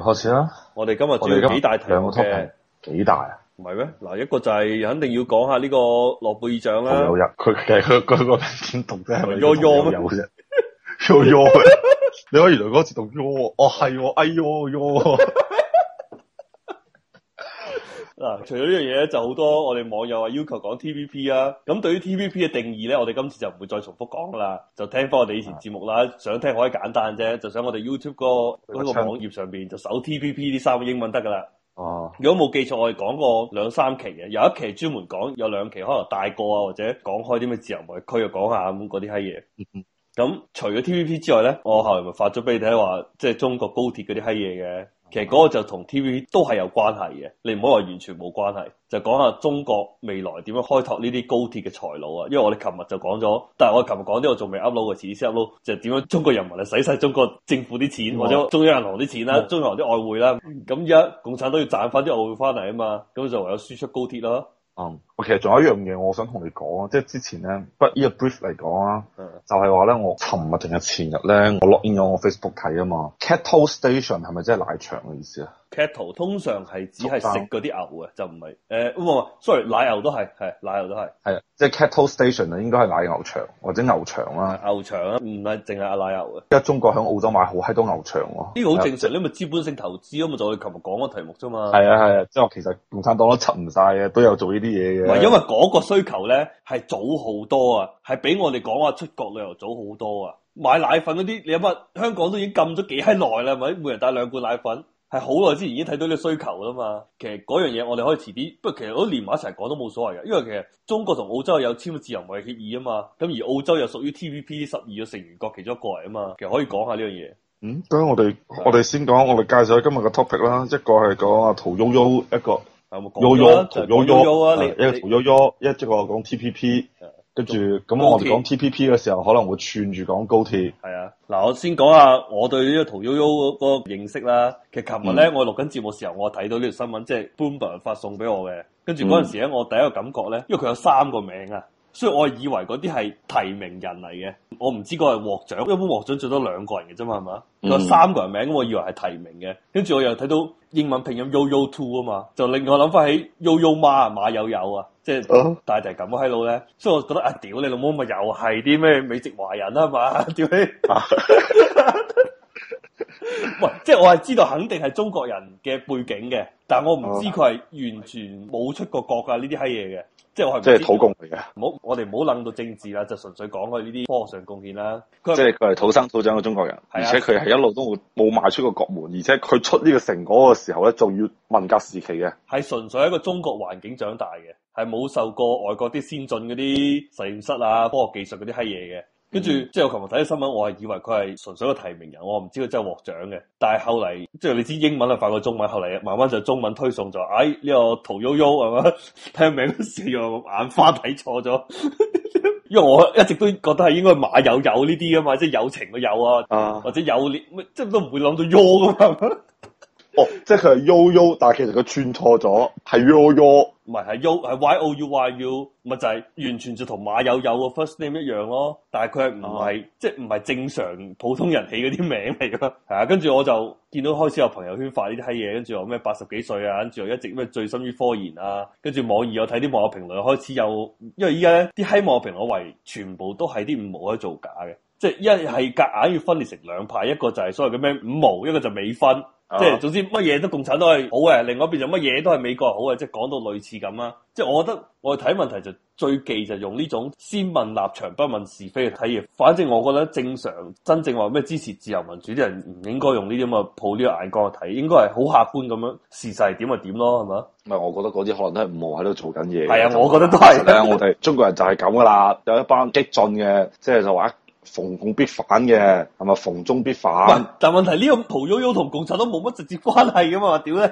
開始啦！我哋今日仲要幾大題嘅，幾大啊？唔係咩？嗱，一個就係肯定要講下呢個諾貝爾獎啦。佢其實佢個個字讀咩？呦呦，有嘅，呦呦。你可以來嗰字讀呦，哦係喎，哎喲喲。嗱，除咗呢樣嘢咧，就好多我哋網友話要求講 TVP 啊，咁對於 TVP 嘅定義咧，我哋今次就唔會再重複講啦，就聽翻我哋以前節目啦。啊、想聽可以簡單啫，就想我哋 YouTube 個呢個網頁上邊就搜 TVP 呢三個英文得噶啦。哦，啊、如果冇記錯，我哋講過兩三期嘅，有一期專門講，有兩期可能大個啊，或者講開啲咩自由貿易區啊，又講下咁嗰啲閪嘢。咁、嗯、除咗 TVP 之外咧，我後來咪發咗俾你睇，話即係中國高鐵嗰啲閪嘢嘅。其實嗰個就同 TVB 都係有關係嘅，你唔好話完全冇關係。就講下中國未來點樣開拓呢啲高鐵嘅財路啊，因為我哋琴日就講咗，但係我琴日講啲我仲未 upload 嘅，始終 upload 就點樣中國人民係使晒中國政府啲錢、嗯、或者中央銀行啲錢、嗯、行啦，中央啲外匯啦，咁而家共產黨都要賺翻啲外匯翻嚟啊嘛，咁就唯有輸出高鐵咯。嗯，我其實仲有一樣嘢我想同你講啊，即係之前咧，不過、嗯、呢個 brief 嚟講啊，就係話咧，我尋日定係前日咧，我 login 咗我 Facebook 睇啊嘛，Cattle Station 係咪即係奶場嘅意思啊？Cattle 通常係只係食嗰啲牛嘅，山就唔係誒，唔、呃、係，sorry，奶牛都係，係奶牛都係，係啊，即、就、係、是、cattle station 啊，應該係奶牛場或者牛場啦，牛場，是是牛，牛場啊，唔係淨係阿奶牛嘅，而家中國喺澳洲買好閪多牛場喎，呢個好正常，你咪的資本性投資啊嘛，就係琴日講個題目啫嘛，係啊係啊，即係其實共產黨都出唔曬嘅，都有做呢啲嘢嘅，唔係因為嗰個需求咧係早好多啊，係比我哋講話出國旅遊早好多啊，買奶粉嗰啲，你有乜香港都已經禁咗幾閪耐啦，咪每人帶兩罐奶粉。係好耐之前已經睇到呢個需求啦嘛，其實嗰樣嘢，我哋可以遲啲，不過其實我都連埋一齊講都冇所謂嘅，因為其實中國同澳洲有簽自由貿易協議啊嘛，咁而澳洲又屬於 T P P 十二嘅成員國其中一個嚟啊嘛，其實可以講下呢樣嘢。嗯，當然我哋我哋先講，我哋介紹今日嘅 topic 啦，一個係講阿屠呦呦，一個屠呦呦屠呦呦，一個屠呦呦，一個講 T P P。跟住咁我哋講 T P P 嘅時候可能會串住講高鐵。係啊，嗱我先講下我對呢個屠呦呦嗰個認識啦。其實琴日咧我錄緊節目時候，我睇到呢條新聞，即係 Bloomberg 發送俾我嘅。跟住嗰陣時咧，我第一個感覺咧，因為佢有三個名啊。所以我係以為嗰啲係提名人嚟嘅，我唔知個係獲獎，一般獲獎最多兩個人嘅啫嘛，係嘛？嗯、有三個人名，我以為係提名嘅，跟住我又睇到英文拼音 Youyou Tu 啊嘛，就令我諗翻起 Yo Yo Ma 啊馬友友啊，即係，但係就係咁嘅閪佬咧，所以我覺得啊屌你老母咪又係啲咩美籍華人啦嘛？屌解？喂， 即係我係知道肯定係中國人嘅背景嘅，但我唔知佢係完全冇出過國噶呢啲閪嘢嘅。.即係即係土共嚟嘅，好我哋唔好諗到政治啦，就純粹講佢呢啲科學上貢獻啦。即係佢係土生土長嘅中國人，啊、而且佢係一路都冇邁出過國門，而且佢出呢個成果嘅時候咧，仲要文革時期嘅。係純粹喺一個中國環境長大嘅，係冇受過外國啲先進嗰啲實驗室啊，科學技術嗰啲閪嘢嘅。跟住、嗯、即係我琴日睇啲新聞，我係以為佢係純粹個提名人，我唔知佢真係獲獎嘅。但係後嚟即係你知英文係快過中文，後嚟慢慢就中文推送咗。哎呢個屠呦呦係嘛？聽名都似我眼花睇錯咗， 因為我一直都覺得係應該馬友友呢啲啊嘛，即係友情嘅有啊，啊或者有咩即係都唔會諗到喐噶嘛。 哦，oh, 即係佢係 y o，但係其實佢串錯咗，係 Yoy，唔係係 Y，係 Y O U Y U，咪就係完全就同馬友友個 first name 一樣咯。但係佢係唔係，oh. 即係唔係正常普通人起嗰啲名嚟噶。係啊，跟住我就見到開始有朋友圈發呢啲閪嘢，跟住又咩八十幾歲啊，跟住又一直咩醉心於科研啊，跟住網易我睇啲網友評論開始有，因為依家咧啲閪網友評論我懷疑全部都係啲五毛喺造假嘅，即係一係夾硬要分裂成兩派，一個就係所謂嘅咩五毛，一個就美分。即係，總之乜嘢都共產都係好嘅，另外一邊就乜嘢都係美國好嘅，即係講到類似咁啦。即係我覺得我哋睇問題就最忌就用呢種先問立場不問是非嘅睇嘢。反正我覺得正常真正話咩支持自由民主啲人唔應該用呢啲咁嘅抱呢個眼光去睇，應該係好客觀咁樣。事實係點就點咯，係嘛？唔係，我覺得嗰啲可能都係唔好喺度做緊嘢。係啊，我覺得都係。 我哋中國人就係咁噶啦，有一班激進嘅，即係就話。逢共必反嘅，係咪逢中必反？但問題呢、這個屠呦呦同共產黨冇乜直接關係噶嘛？屌你，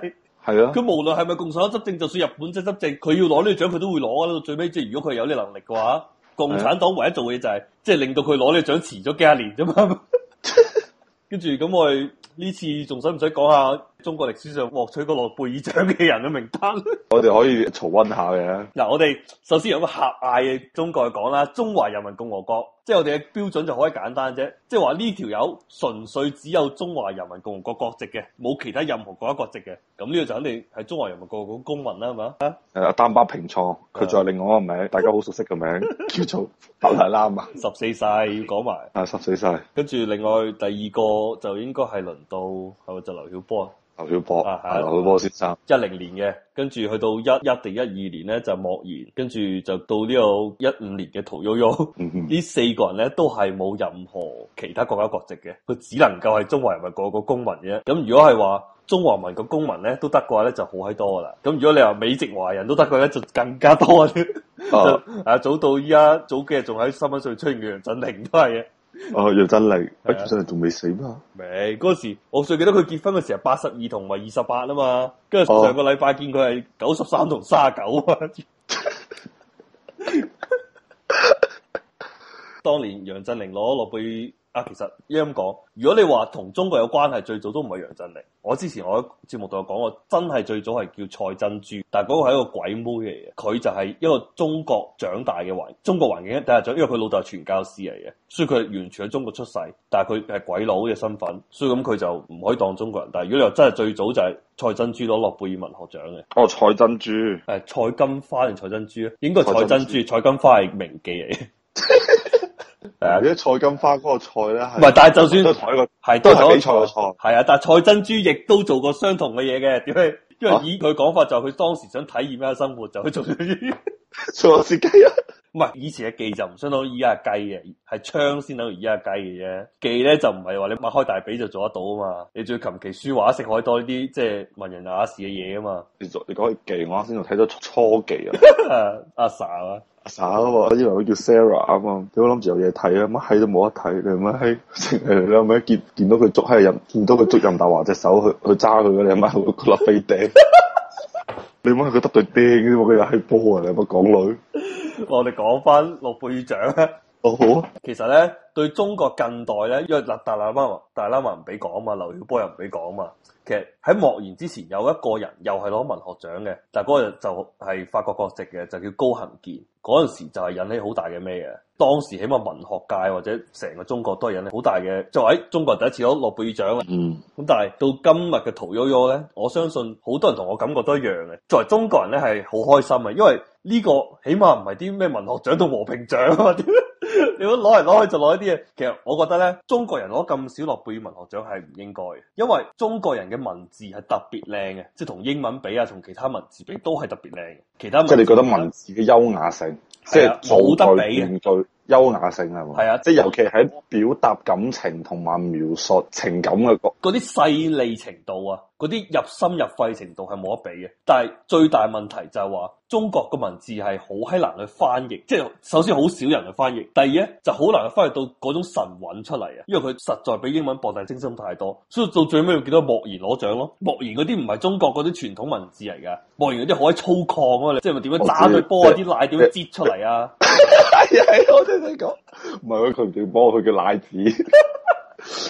係咯，佢無論係咪共產黨執政，就算日本即係執政，佢要攞呢個獎，佢都會攞啊！最尾，即係如果佢有呢個能力嘅話，共產黨唯一做嘢就係、是，即係是、啊、令到佢攞呢個獎遲咗幾廿年啫嘛。跟住咁，我哋呢次仲使唔使講下？中國歷史上獲取個諾貝爾獎嘅人嘅名單，我哋可以重温下嘅。嗱，我哋首先有個狹隘嘅中國去講啦，中華人民共和國，即係我哋嘅標準就可以簡單啫，即係話呢條友純粹只有中華人民共和國國籍嘅，冇其他任何國家國籍嘅，咁呢個就肯定係中華人民共和國公民啦，係嘛？啊，誒，丹巴平措，佢仲有另外一個名， 大家好熟悉嘅名，叫做達賴喇嘛。十四世要講埋 啊，十四世，世，跟住另外第二個就應該係輪到係咪就劉曉波？是劉曉波啊，係劉曉波先生，一零年嘅，跟住去到一一定一二年咧就莫言，跟住就到呢個一五年嘅屠呦呦，呢、嗯、哼四個人咧都係冇任何其他國家國籍嘅，佢只能夠係中華人民國嘅公民嘅。咁如果係話中華民國嘅公民咧都得嘅話咧就好喺多噶啦。咁如果你話美籍華人都得嘅咧就更加多啲。啊、 嗯，早到依家早幾日仲喺新聞上出現嘅楊振寧都係嘅。哦，楊振寧，楊振寧仲未死咩？未，嗰時我最記得佢結婚嘅時候八十二同埋二十八啊嘛，跟住上個禮拜見佢係九十三同卅九啊。當， 當年楊振寧攞諾貝其實一樣講，如果你話同中國有關係，最早都唔係楊振寧。我之前我喺節目度有講過，真係最早係叫蔡珍珠，但係嗰個係一個鬼妹嚟嘅。佢就係一個中國長大嘅環，中國環境一但係，就因為佢老豆係傳教士嚟嘅，所以佢完全喺中國出世。但係佢係鬼佬嘅身份，所以咁佢就唔可以當中國人。但係如果你話真係最早就係蔡珍珠攞諾貝爾文學獎嘅，哦，蔡珍珠，誒、哎，蔡金花定蔡珍珠啊？應該係蔡珍珠，蔡金花係名妓嚟。 係啊，啲蔡金花嗰個菜咧係，唔係但係就算都係個係都係比賽個菜，係啊，但係蔡珍珠亦都做過相同嘅嘢嘅，點解？因為以佢講法就佢當時想體驗一下生活，就去做咗啲做下自己啊。 唔係以前嘅技就唔相當於而家嘅雞嘅，係槍先等於而家嘅雞嘅啫。技咧就唔係話你擘開大髀就做得到啊嘛。你最要琴棋書畫識開多啲，即係文人雅士嘅嘢啊嘛。你做你講嘅技，我啱先就睇到初技 啊。阿 sa 啊，阿 sa 啊，我以為佢叫 Sarah 啊嘛。點解諗住有嘢睇啊？乜閪都冇得睇，你係咪？真係你諗住見見，見到佢捉閪任見到佢捉任大華隻手去去揸佢你係咪攞塊飛釘？你摸佢得， 得，得對釘啫，我佢又係波啊！你係乜港女？ 我哋講翻諾貝爾獎咧，好。其實咧，對中國近代咧，因為嗱，達賴喇嘛、達賴喇嘛唔俾講啊嘛，劉曉波又唔俾講啊嘛。其實喺莫言之前，有一個人又係攞文學獎嘅，但係嗰日就係法國國籍嘅，就叫高行健。嗰陣時就係引起好大嘅咩嘅，當時起碼文學界或者成個中國都係引起好大嘅、就話，哎。作為中國人，第一次攞諾貝爾獎啊。嗯。咁但係到今日嘅屠呦呦咧，我相信好多人同我感覺都一樣嘅。作為中國人咧，係好開心嘅，因為。呢個起碼唔係啲咩文學獎同和平獎啊！你攞嚟攞去就攞一啲嘢。其實我覺得咧，中國人攞咁少諾貝爾文學獎係唔應該嘅，因為中國人嘅文字係特別靚嘅，即係同英文比啊，同其他文字比都係特別靚嘅。其他即係你覺得文字嘅優雅性，即係冇得比。優雅性係嘛？係啊，即係尤其喺表達感情同埋描述情感嘅嗰啲細膩程度啊，嗰啲入心入肺程度係冇得比嘅。但係最大問題就係話中國嘅文字係好閪難去翻譯，即係首先好少人去翻譯，第二咧就好難去翻譯到嗰種神韻出嚟啊。因為佢實在比英文博大精深太多，所以到最尾要見到莫言攞獎咯。莫言嗰啲唔係中國嗰啲傳統文字嚟噶，莫言嗰啲好閪粗獷啊，你即係咪點樣揸佢波啊，啲奶點樣擠出嚟啊？係啊，我都。你 講，唔係，佢，佢唔叫波，佢叫奶子，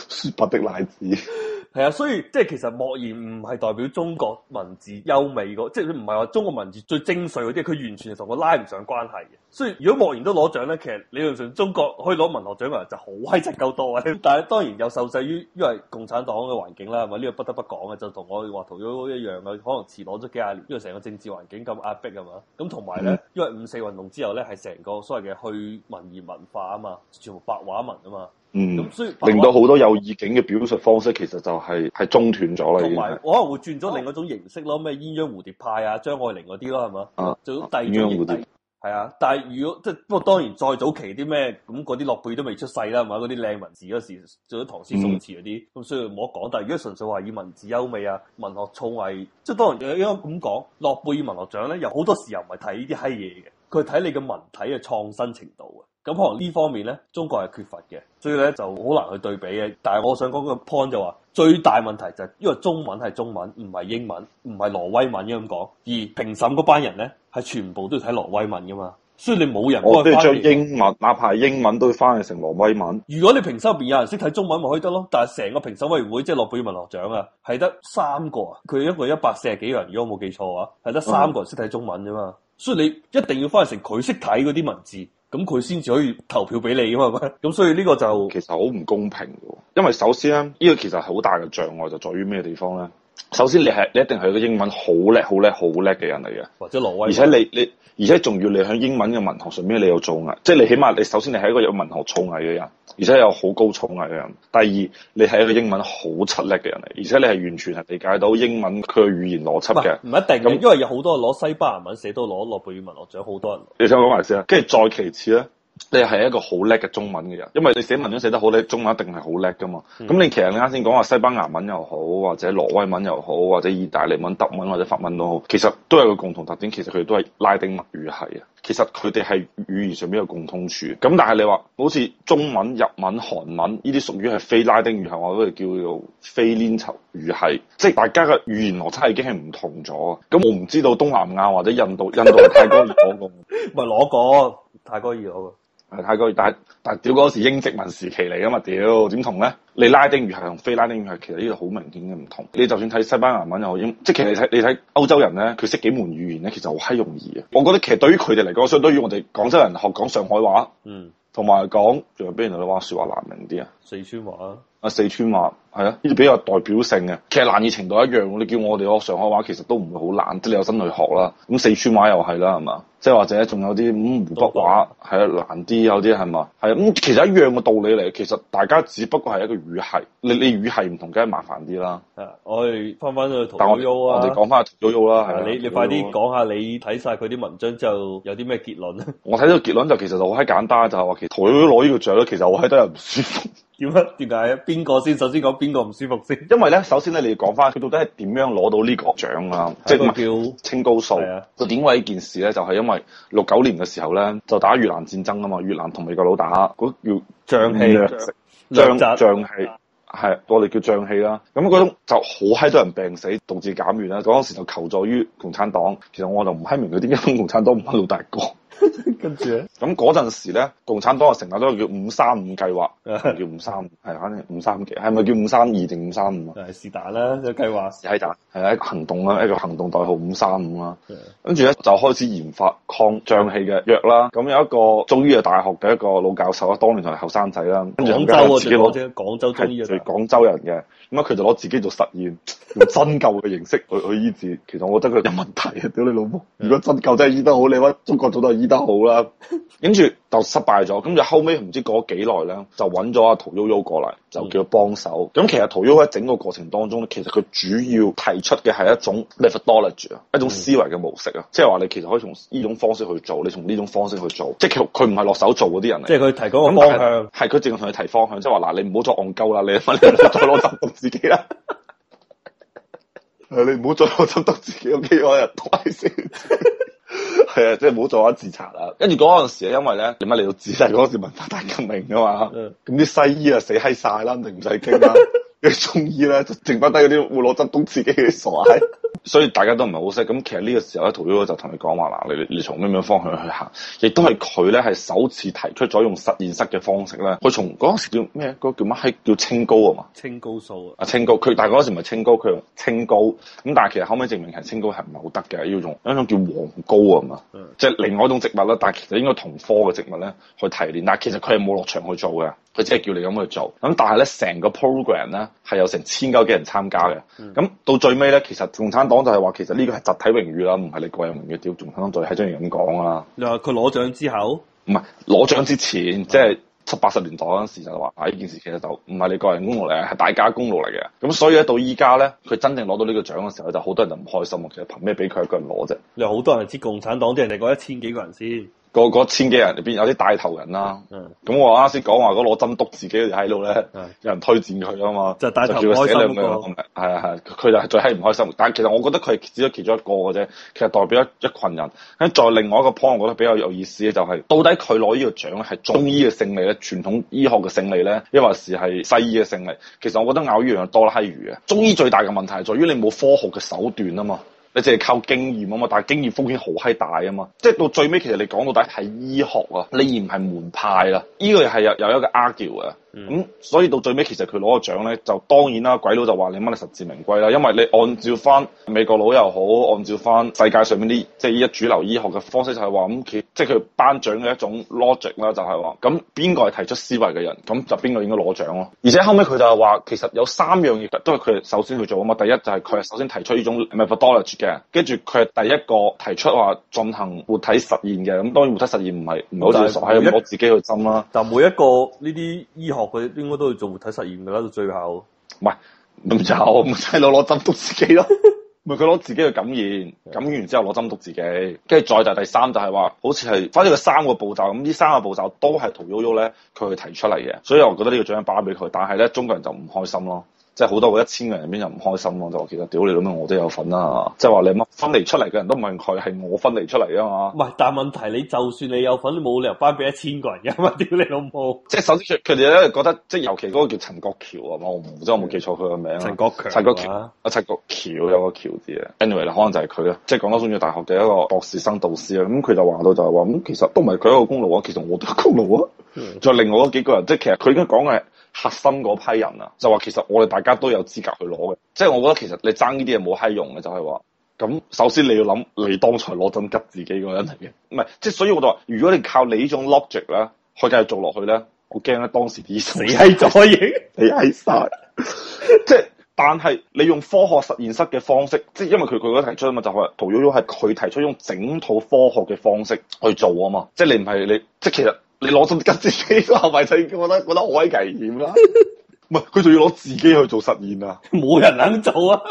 雪白的奶子。 係啊，所以即係其實莫言唔係代表中國文字優美嗰，即係唔係話中國文字最精髓嗰啲，佢完全係同我拉唔上關係嘅。所以如果莫言都攞獎咧，其實理論上中國可以攞文學獎嘅人就好威實夠多嘅。但係當然又受制於因為共產黨嘅環境啦，係咪呢個不得不講嘅？就同我話屠呦呦一樣嘅，可能遲攞咗幾廿年，因為成個政治環境咁壓迫啊嘛。咁同埋咧，因為五四運動之後咧，係成個所謂嘅去文言文化啊嘛，全部白話文啊嘛。嗯，咁所以令到好多有意境嘅表述方式，其實就係、是、係中斷咗啦。同埋來可能會轉咗另一種形式咯，咩鴛鴦蝴蝶派啊、張愛玲嗰啲咯，係嘛？啊，做第二種形式係啊。但係如果即係、就是、不過當然再早期啲咩咁嗰啲諾貝都未出世啦，係嘛？嗰啲靚文字嗰時做咗唐詩宋詞嗰啲，咁、嗯、所以冇得講。但係如果純粹話以文字優美啊、文學創藝，即係當然應該咁講。諾貝爾文學獎咧，有好多時候唔係睇呢啲閪嘢嘅，佢睇你嘅文體嘅創新程度啊。有可能呢方面咧，中國係缺乏嘅，所以咧就好難去對比嘅。但係我想講個 point 就話、是，最大問題就係因為中文係中文，唔係英文，唔係挪威文咁講。而評審嗰班人咧係全部都要睇挪威文噶嘛，所以你冇人可以去我都要將英文哪怕係英文都要翻成挪威文。如果你評審入邊有人識睇中文，咪可以得咯。但係成個評審委員會即係諾貝爾文學獎啊，係得三個啊，佢一個一百四十幾個人，如果我冇記錯啊，係得三個人識睇中文啫嘛。嗯、所以你一定要翻成佢識睇嗰啲文字。咁佢先至可以投票俾你㗎嘛，咁所以呢個就其實好唔公平嘅，因為首先咧，呢個其實好大嘅障礙就在於咩地方咧？首先你係你一定係一個英文好叻、好叻、好叻嘅人嚟嘅，或者挪威而，而且你你而且仲要你喺英文嘅文學上面你有造詣，即係你起碼你首先你係一個有文學造詣嘅人。而且有好高創意嘅人，第二你係一個英文好出力嘅人嚟，而且你係完全係理解到英文佢嘅語言邏輯嘅，唔一定咁，因為有好多攞西班牙文寫都攞諾貝爾文學獎，好多人。你聽我講埋先啦，跟住再其次咧。你係一個好叻嘅中文嘅人，因為你寫文章寫得好叻，中文一定係好叻㗎嘛。咁、嗯、你其實你啱先講話西班牙文又好，或者挪威文又好，或者意大利文、德文或者法文都好，其實都有個共同特點。其實佢哋都係拉丁語系啊。其實佢哋係語言上邊有共通處。咁但係你話好似中文、日文、韓文呢啲屬於係非拉丁語系，我都係叫做非黏稠語系，即係大家嘅語言落差已經係唔同咗。咁我唔知道東南亞或者印度、印度泰哥攞過、 那個，唔係攞過泰哥二攞。係泰國語，但但屌嗰時英殖民時期嚟噶嘛。屌點同咧？你拉丁語係同非拉丁語係，其實呢個好明顯嘅唔同，你就算睇西班牙文又好，即係其實你睇你睇歐洲人咧，佢識幾門語言咧，其實好閪容易嘅。我覺得其實對於佢哋嚟講，相當於我哋廣州人學講上海話，嗯，同埋講仲有邊度嘅話説話難明啲啊？四川話啊！啊，四川話係啊，呢啲比較代表性嘅，其實難易程度一樣。你叫我哋學上海話，其實都唔會好難，即係你有心去學啦。咁四川話又係啦，係嘛？即係或者仲有啲咁、嗯、湖北話，係啊，難啲有啲係嘛？係啊，咁其實一樣嘅道理嚟。其實大家只不過係一個語系，你你語系唔同，梗係麻煩啲啦。誒，我哋翻翻去屠呦呦啊，我哋講翻屠呦呦啦，係啊，啊。你你快啲講下你睇晒佢啲文章之後有啲咩結論咧、啊？我睇到結論就其實就好閪簡單，就係話其實屠呦呦攞呢個獎咧，其實我閪都有唔舒服。點乜？點解啊？邊個先？首先講邊個唔舒服先？因為咧，首先咧，你要講翻佢到底係點樣攞到呢個獎啊？即係叫青蒿素。係啊，點解呢件事咧，就係、是、因為六九年嘅時候咧，就打越南戰爭啊嘛。越南同美國佬打，嗰叫瘴氣、瘧疾、瘴瘴氣，係我哋叫瘴氣啦。咁嗰種就好閪多人病死，導致減員啦。嗰陣時就求助於共產黨。其實我就唔閪明佢點解共產黨唔係老大哥。 跟住咧呢，咁嗰陣時咧，共產黨啊成日都叫,計劃 叫 35, 五三五計劃，叫五三五，係反正五三幾，係咪叫五三二定五三五啊？是但啦， 這個計劃是係但，係一個行動啦，一個行動代號五三五啦。跟住咧就開始研發抗瘴氣嘅藥啦。咁有一個中醫嘅大學嘅一個老教授啦，當年仲係後生仔啦，廣州啊，最老啫，廣州中醫啊，係廣、就是、州人嘅。咁啊，佢就攞自己做實驗，用針灸嘅形式去去醫治。其實我覺得佢有問題啊！屌你老母， 如果針灸真係醫得好，你話中國做到醫？得好啦，跟住就失敗咗。咁就後尾唔知過咗幾耐咧，就揾咗阿屠呦呦過嚟，就叫佢幫手。咁其實屠呦呦喺整個過程當中咧，其實佢主要提出嘅係一種 methodology 啊，一種思維嘅模式啊，嗯、即係話你其實可以從呢種方式去做，你從呢種方式去做。即係佢唔係落手做嗰啲人嚟，即係佢提嗰個方向，係佢是向淨係同你提方向，即係話嗱，你唔好再戇鳩啦，你再攞針拮自己啦，你唔好再攞針拮自己，有幾個人即係唔好做翻自殺啦，跟住嗰陣時咧，因為咧點解嚟到自殺？嗰時文化大革命啊嘛，咁啲 西醫啊死閪晒啦，你唔使傾啦，啲 中醫咧就剩翻低嗰啲會攞針刀自己嘅傻閪。 所以大家都唔係好識，咁其實呢個時候咧，屠呦呦就同你講話啦，你你從咩咩方向去行，亦都係佢咧係首次提出咗用實驗室嘅方式咧，佢從嗰陣時叫咩？嗰、嗰個叫乜？係叫青蒿啊嘛，青蒿素啊，啊青蒿，佢但係嗰陣時唔係青蒿，佢用青蒿，咁但係其實後尾證明係青蒿係唔係好得嘅，要用一種叫黃蒿啊嘛，即係另外一種植物啦，但係其實應該同科嘅植物咧去提煉，但係其實佢係冇落場去做嘅，佢只係叫你咁去做，咁但係咧成個 program 咧係有成千九幾人參加嘅，咁、嗯、到最尾咧其實黨就係話，其實呢個係集體榮譽啦，唔係你個人榮譽。屌，仲生得在係中意咁講啊！你話佢攞獎之後，唔係攞獎之前，即係七八十年代嗰陣時就話，啊呢、嗯、件事其實就唔係你個人功勞嚟，係大家功勞嚟嘅。咁所以咧，到依家咧，佢真正攞到呢個獎嘅時候，就好多人就唔開心。其實憑咩俾佢一個人攞啫？你話好多人係知共產黨，即係人哋講一千幾個人先。個個千幾人入邊，有啲帶頭人啦。咁、嗯、我啱先講話嗰攞針督自己喺度咧，嗯、有人推薦佢啊嘛，就帶頭開心、那個，係啊係，佢就係最閪唔開心。但係其實我覺得佢係只係其中一個嘅啫，其實代表咗一群人。咁再另外一個 point，我覺得比較有意思嘅就係、是，到底佢攞呢個獎係中醫嘅勝利咧，傳統醫學嘅勝利咧，抑或是係西醫嘅勝利？其實我覺得咬呢樣多得閪魚嘅。中醫最大嘅問題係在於你冇科學嘅手段啊嘛。你淨係靠經驗啊嘛，但係經驗風險好閪大啊嘛，即係到最尾其實你講到底係醫學啊，你而唔係門派啦，依、這個係有有一個 argue 啊。咁、嗯、所以到最尾，其實佢攞個獎咧，就當然啦。鬼佬就話你乜嘢實至名歸啦，因為你按照翻美國佬又好，按照翻世界上面啲即係依一主流醫學嘅方式就係話咁，佢、嗯、即係佢頒獎嘅一種 logic 啦，就係話咁邊個係提出思維嘅人，咁就邊個應該攞獎咯。而且後尾，佢就係話，其實有三樣嘢都係佢首先去做啊嘛。第一就係佢係首先提出呢種唔係 methodology 嘅，跟住佢係第一個提出話進行活體實驗嘅。咁當然活體實驗唔係唔係好似傻閪我自己去針啦。就每一個呢啲醫學佢應該都要做活體實驗噶啦，到最後，唔係咁就，細佬攞針毒自己咯，咪佢攞自己嘅感染，感染完之後攞針毒自己，跟住再第第三就係話，好似係，反正佢三個步驟咁，呢三個步驟都係屠呦呦咧，佢去提出嚟嘅，所以我覺得呢個獎頒俾佢，但係咧中國人就唔開心咯。即係好多個一千個人入邊就唔開心喎，就話其實屌你老母，我都有份啊！即係話你分離出嚟嘅人都唔係佢，係我分離出嚟啊嘛！唔係，但係問題你就算你有份，你冇理由分俾一千個人嘅嘛！屌你老母！即係首先佢哋咧覺得，即係尤其嗰個叫陳國橋啊嘛，我唔知我有冇記錯佢個名。陳國強、啊，陳國橋，啊陳國強的有個橋字啊。anyway 可能就係佢啊。即係廣州中醫大學嘅一個博士生導師啊，咁佢就話到就係話，咁其實都唔係佢一個功勞啊，其實我都功勞啊。再、嗯、另外嗰幾個人，即係其實佢而家講嘅係核心嗰批人啊，就話其實我哋大家都有資格去攞嘅，即係我覺得其實你爭呢啲嘢冇閪用嘅，就係話咁首先你要諗你當才攞針急自己個人嚟嘅，唔係即係所以我就話，如果你靠你種呢種 logic 咧，去以繼續做落去咧，我驚咧當時死閪咗嘅，死閪曬， 即係但係你用科學實驗室嘅方式，即係因為佢佢提出啊嘛，就係、是、屠呦呦係佢提出用整套科學嘅方式去做啊嘛，即係你唔係你，你，你即係其實。其實其實你攞出跟自己都係咪真？覺得覺得好危險啦！唔係， 佢仲要攞自己去做實驗啊！冇人肯做啊！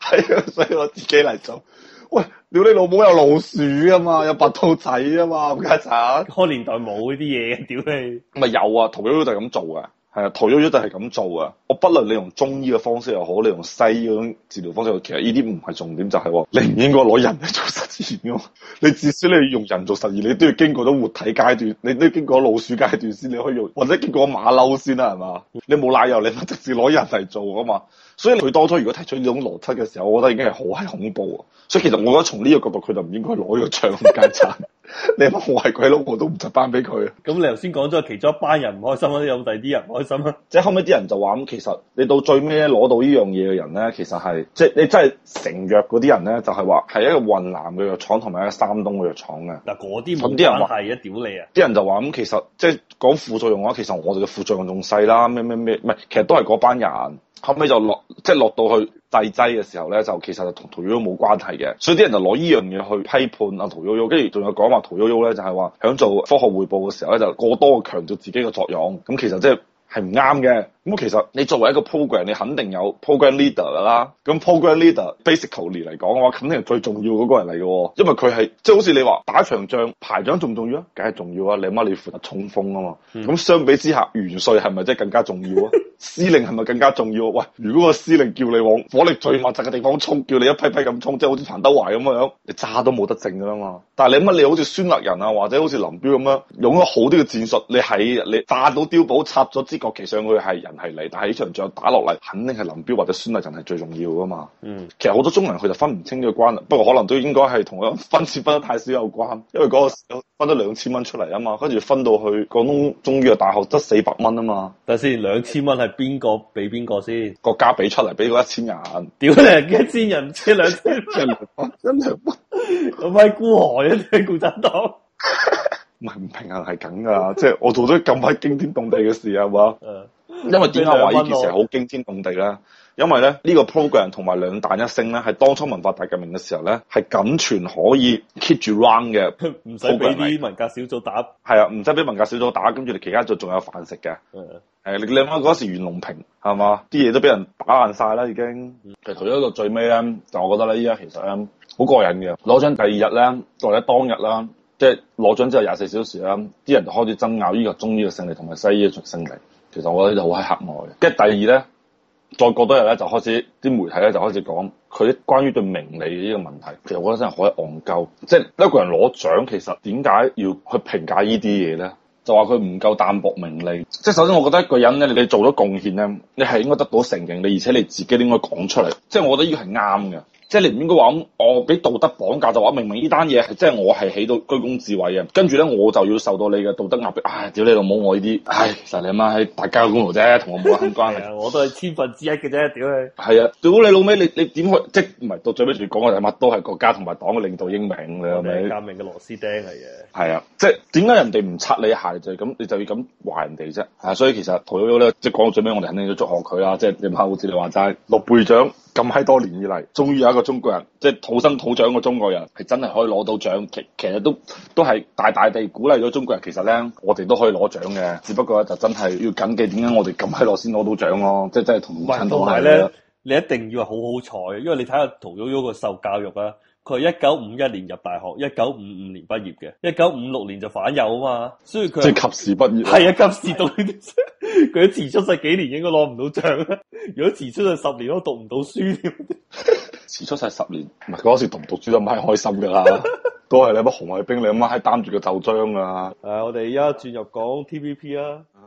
係啊，所以我自己嚟做。喂，屌你老母有老鼠㗎嘛，有白兔仔㗎嘛，唔該曬！嗰年代冇呢啲嘢，屌你！咪有啊，屠呦呦就係咁做噶。係啊，屠呦呦係咁做啊！我不論你用中醫嘅方式又好，你用西醫嗰種治療方式又好，其實呢啲唔係重點，就係、是、你唔應該攞人嚟做實驗㗎嘛！ 你至少你要用人做實驗，你都要經過咗活體階段，你都要經過老鼠階段先你可以用，或者經過馬騮先啦，係嘛？你冇理由，你咪直接攞人嚟做啊嘛！所以佢當初如果提出呢種邏輯嘅時候，我覺得已經係好係恐怖啊！所以其實我覺得從呢個角度，佢就唔應該攞呢嘢搶嘅啫。你話我係鬼佬我都唔執班俾佢啊！咁你頭先講咗，其中一班人唔開心啦，有第二啲人唔開心啦。即係後尾啲人就話咁，其實你到最尾攞到呢樣嘢嘅人咧，其實係即係你真係成藥嗰啲人咧，就係話係一個雲南嘅藥廠同埋一個山東嘅藥廠嘅。嗱，嗰啲冇。啲人話係啊，屌你啊！啲人就話咁，其實即係講副作用嘅話，其實我哋嘅副作用仲細啦。咩咩咩，唔係，其實都係嗰班人。後尾就落，即係落到去。細劑嘅時候咧，就其實就同屠呦呦冇關係嘅，所以啲人就攞呢樣嘢去批判阿屠呦呦，跟住仲有講話屠呦呦咧就係話響做科學匯報嘅時候咧就過多強調自己嘅作用，咁其實即係係唔啱嘅。咁其實你作為一個 program，你肯定有 program leader 噶啦，咁 program leader basically 嚟講嘅話，肯定係最重要嗰個人嚟嘅，因為佢係即係好似你話打場仗，排長重唔重要啊？梗係重要啊！你諗下你負責衝鋒啊嘛，咁相比之下，元帥係咪即係更加重要啊？司令係咪更加重要？喂，如果個司令叫你往火力最密集嘅地方衝，叫你一批批咁衝，即係好似彭德懷咁嘅樣，你炸都冇得剩噶啦嘛。但係你乜你好似孫立人啊，或者好似林彪咁樣，用咗好啲嘅戰術，你喺你炸到碉堡、插咗支國旗上去係人係嚟。但係呢場仗打落嚟，肯定係林彪或者孫立人係最重要噶嘛。嗯，其實好多中人佢就分唔清呢個關，不過可能都應該係同佢分錢分得太少有關，因為嗰個分咗兩千蚊出嚟啊嘛，跟住分到去廣東中醫藥大學得四百蚊啊嘛。睇先兩千蚊邊個俾邊個先？國家俾出嚟俾個一千人，屌你！一千人唔知兩千人，真係咁鬼孤寒啊！啲共產黨唔係唔平衡係咁噶，即係我做咗咁鬼驚天動地嘅事係嘛？ 因為點解話呢件事係好驚天動地咧？因為咧呢個 program 同埋兩彈一星咧，係當初文化大革命嘅時候咧，係咁全可以 keep 住 run 嘅，唔使俾啲文革小組打。係 啊，唔使俾文革小組打，跟住你其他就仲有飯食嘅。 誒，你諗下嗰時袁隆平係嘛？啲嘢都俾人打爛晒啦，已經。其實咗一到最尾咧，就我覺得咧，依家其實咧好過癮嘅。攞獎第二日咧，或者當日啦，即係攞獎之後廿四小時啦，啲人就開始爭拗呢個中醫嘅勝利同埋西醫嘅勝利。其實我覺得好喺黑暗嘅。跟住第二咧，再過多日咧，就開始啲媒體咧就開始講佢關於對名利呢個問題。其實我覺得真係好喺戇鳩。即係一個人攞獎，其實點解要去評價呢啲嘢咧？就話佢唔夠淡泊名利，即係首先我覺得一個人咧，你做咗貢獻咧，你係應該得到承認，你而且你自己都應該講出嚟，即係我覺得呢個係啱嘅。即係你唔應該話我俾道德綁架就話明明呢單嘢即係我係起到居功自偉嘅，跟住咧我就要受到你嘅道德壓迫。唉，屌你老母我呢啲，其實你阿媽喺大家嘅功勞啫，同我冇乜嘢關係。我都係千分之一嘅啫，屌你！係啊，屌你老味，你你點去即係唔係到最尾？仲要講我哋阿媽都係國家同埋黨嘅領導英明，你明唔明？革命嘅螺絲釘嚟嘅。係啊，即係點解人哋唔拆你鞋就咁，你就要咁話人哋啫？啊，所以其實屠呦呦咧，即係講到最尾，我哋肯定要祝賀佢啦。即係阿媽好似你話齋，六倍獎。咁閪多年以嚟，終於有一個中國人，即係土生土長嘅中國人，係真係可以攞到獎。其其實都都係大大地鼓勵咗中國人。其實咧，我哋都可以攞獎嘅，只不過就真係要緊記點解我哋咁閪耐先攞到獎咯、啊。即係真係同母親都係啦。你一定要係好好彩，因為你睇下屠呦呦個受教育啊。佢一九五一年入大學，一九五五年畢業嘅，一九五六年就反右啊嘛，所以佢即係及時畢業，係啊，及時讀佢，如果遲出世幾年應該攞唔到獎啦，如果遲出世十年都讀唔到書，遲 出世十年，唔係嗰時讀唔讀書都唔係開心噶啦， 都係你乜紅衛兵，你阿媽係擔住個奏章噶。誒，我哋依家轉入講 T V B 啊。Uh,